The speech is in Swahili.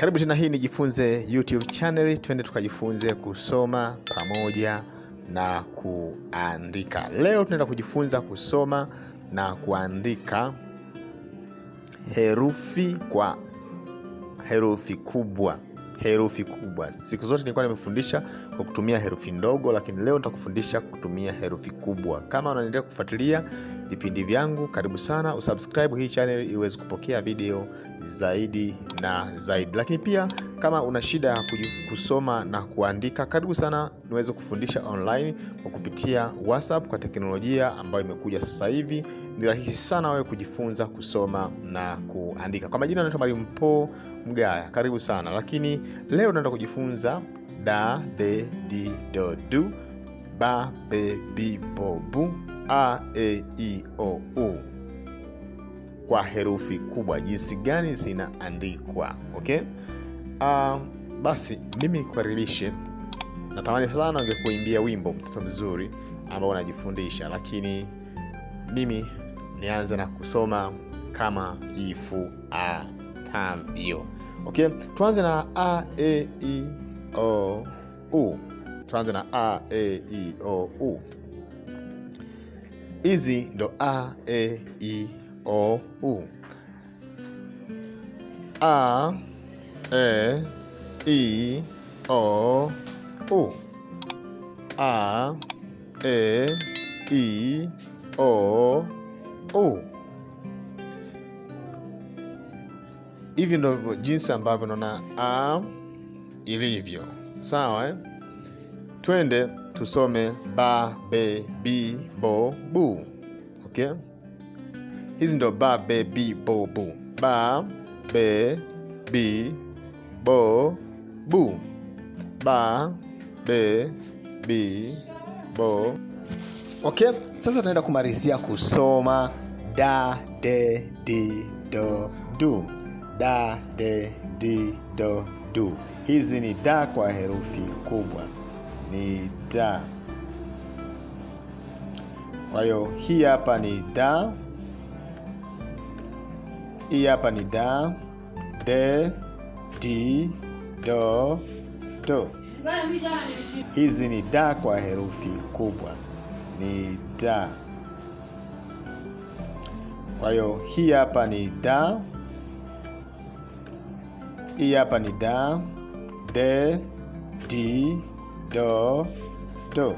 Karibu tena, hii ni Jifunze YouTube channel. Twende tukajifunze kusoma pamoja na kuandika. Leo tunaenda kujifunza kusoma na kuandika herufi kwa herufi kubwa herufi kubwa. Siku zote nilikuwa nimefundisha kwa kutumia herufi ndogo, lakini leo nitakufundisha kutumia herufi kubwa. Kama unaendelea kufuatilia vipindi vyangu, karibu sana usubscribe hii channel iweze kupokea video zaidi na zaidi, lakini pia kama una shida ya kusoma na kuandika, karibu sana niweze kufundisha online kwa kupitia WhatsApp. Kwa teknolojia ambayo imekuja sasa hivi, ni rahisi sana wewe kujifunza kusoma na kuandika. Kwa majina naitwa Mwalimu Po Mgaya, karibu sana. Lakini leo tunaenda kujifunza da de di do du ba be bi bo bu a e i o u kwa herufi kubwa, jinsi gani zinaandikwa okay? Uh, basi mimi nikukaribishe. Natamani sana ungekuimbia wimbo mtoto mzuri ambao unajifundisha, lakini mimi nianze na kusoma kama ifuatavyo. Okay, tuanze na a e i o u. Tuanze na a e i o u. Hizi ndo a e i o u. a E, I, O, U. A, E, I, O, U. Hivi ndivyo jinsi ambavyo unaona a ilivyo, sawa eh? Twende tusome ba, be, bi, bo, bu. Okay? Hizi ndo ba, be, bi, bo, bu. Ba, be, bi bo bu ba be bi bo. ok sasa tunaenda kumalizia kusoma da de di do du. Da de di do du, hizi ni da kwa herufi kubwa, ni da. Kwa hiyo hii hapa ni da, hii hapa ni da de D, do, do. Hizi ni da kwa herufi kubwa, ni da. Kwa hiyo hii hapa ni da, hii hapa ni da, de, di, do, do.